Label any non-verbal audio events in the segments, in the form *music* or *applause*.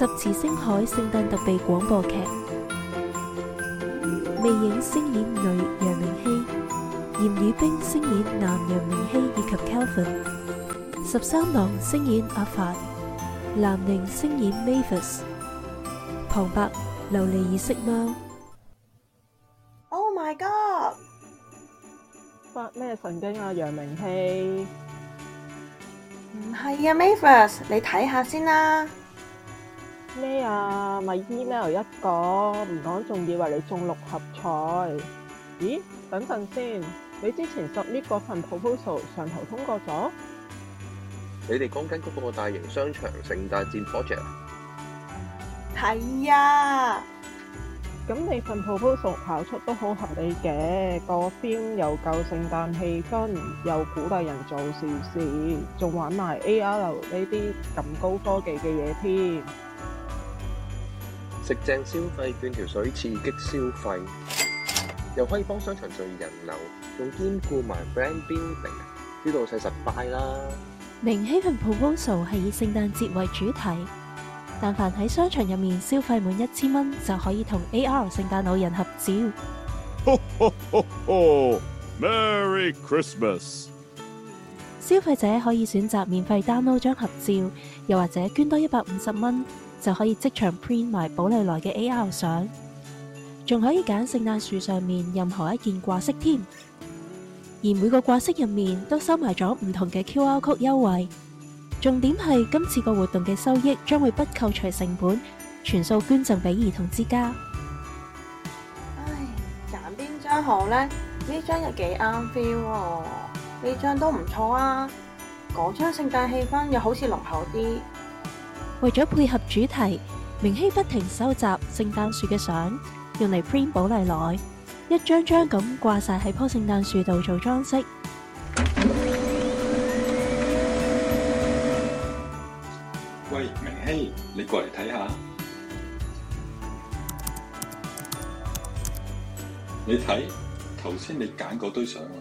《十辭星海》聖誕特備廣播劇，魅影聲演女楊明晞、炎語冰聲演男楊明曦，以及 Kelvin，十三郎聲演阿凡，嵐靈聲演 Mavis，旁白琉璃異色貓。Oh my god！發咩神經啊，楊明熙？唔係啊，Mavis，你睇下先啦。咩啊？咪 email 一個唔講，仲以為你中六合彩？咦？等陣先，你之前 submit 嗰份 proposal 上頭通過咗？你哋講緊嗰個大型商場聖誕節 project 啊？係啊，咁你份 proposal 跑出都好合理嘅，個 feel 又夠聖誕氣氛，又鼓勵人做善事，仲玩埋 AR 呢啲咁高科技嘅嘢添。食正消費券條水刺激消費，又可以幫商場聚人流，仲兼顧埋 brand building，呢度實實賣啦。明希份 proposal 係以聖誕節為主題，但凡喺商場入面消費滿一千蚊，就可以同 AR 聖誕老人合照。Ho ho ho ho Merry Christmas！消費者可以選擇免費 download 張合照，又或者捐多一百五十蚊。就可以即場 print 埋寶麗來嘅 AR 相，仲可以揀聖誕樹上面任何一件掛飾添，而每個掛飾入面都收埋咗唔同嘅 QR 曲優惠。重點係今次個活動嘅收益將會不扣除成本，全數捐贈俾兒童之家。唉，揀邊張好呢？呢張又幾啱 feel，呢張都唔錯啊。嗰張聖誕氣氛又好似濃厚啲。為咗配合主題，明熙不停收集聖誕樹嘅相，用嚟 print 寶麗來，一張張咁掛晒喺棵聖誕樹度做裝飾。喂，明熙，你過嚟睇下，你睇頭先你揀嗰堆相啊，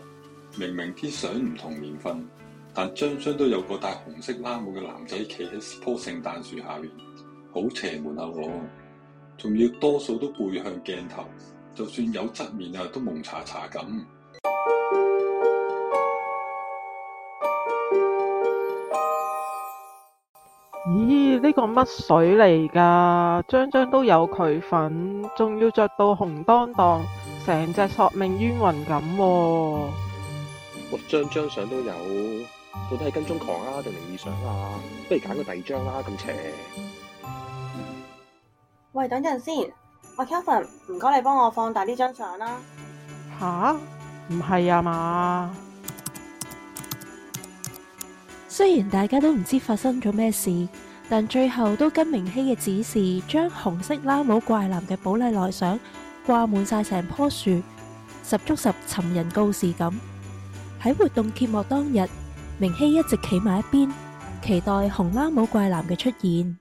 明明啲相唔同年份但張張都有個戴紅色冷帽嘅男仔企喺棵聖誕樹下面，好邪門啊！仲要多數都背向鏡頭，就算有側面啊，都蒙查查咁。咦？呢、這個乜水嚟噶？張張都有佢份，仲要着到紅當當，成隻索命冤魂咁、啊。我張張相都有。到底係跟蹤狂啊，定靈異相啊？不如揀個第二張啦，咁邪。喂，等陣先，阿 Kelvin 唔該，你幫我放大呢張相啦。吓、啊，唔係啊嘛？雖然大家都唔知道發生咗咩事，但最後都跟明熙嘅指示，將紅色冷帽怪男嘅寶麗來相掛滿晒成棵樹，十足十尋人告示咁。喺活動揭幕當日。明熙一直企埋一邊，期待紅冷帽怪男嘅出現。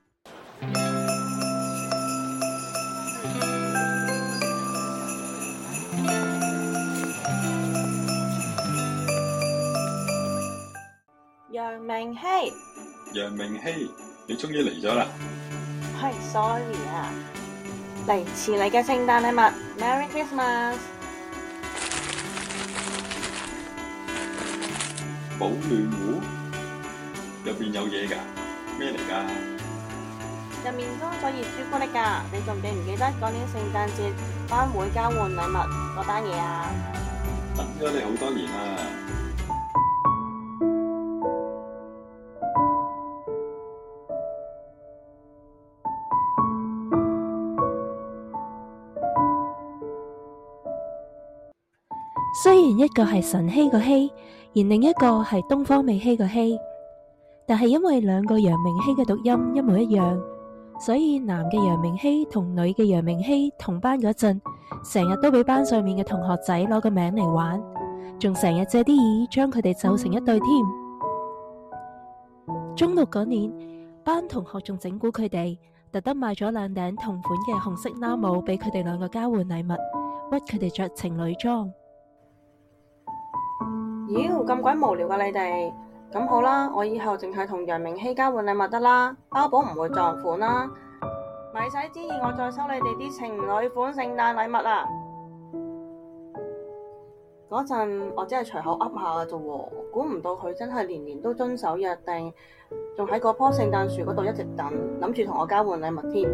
楊明熙，楊明熙，你終於嚟咗啦！係，sorry 啊，嚟遲你嘅聖誕禮物，Merry Christmas。保暖壺入邊有嘢噶，咩嚟噶？入面裝咗熱朱古力噶，啊，你仲記唔記得嗰年聖誕節班會交換禮物嗰單嘢啊？等咗你好多年啦。雖然一個係晨曦個曦，而另一個係東方未晞個晞，但係因為兩個楊明希嘅讀音一模一樣，所以男嘅楊明希同女嘅楊明希同班嗰陣，成日都俾班上面嘅同學仔攞個名嚟玩，仲成日借啲意將佢哋湊成一對添。 *music* 中六嗰年，班同學仲整蠱佢哋，特登買咗兩頂同款嘅紅色冷帽俾佢哋兩個交換禮物，屈佢哋着情侶裝。妖，咁鬼無聊噶你哋！咁好啦，我以後淨係同楊明熙交換禮物得啦，包保唔會撞款啦。咪使指意，我再收你哋啲情侶款聖誕禮物啦。嗰陣我隨說說真係隨口噏下嘅啫，估唔到佢真係年年都遵守約定，仲喺嗰棵聖誕樹嗰度一直等，諗住同我交換禮物添。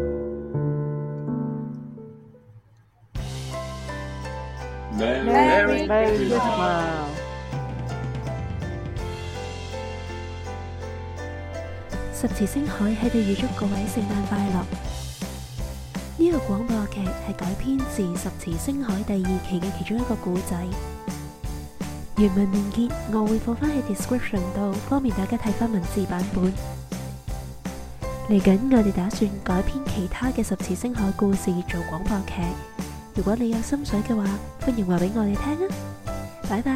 Merry 十辭星海喺度預祝各位聖誕快樂。呢個廣播劇係改編自《十辭星海》第二期嘅其中一個故仔。原文連結，我會放翻喺 description 度，方便大家睇翻文字版本。嚟緊我哋打算改編其他嘅十辭星海故事做廣播劇。如果你有心水嘅話，歡迎話俾我哋聽啊！拜拜。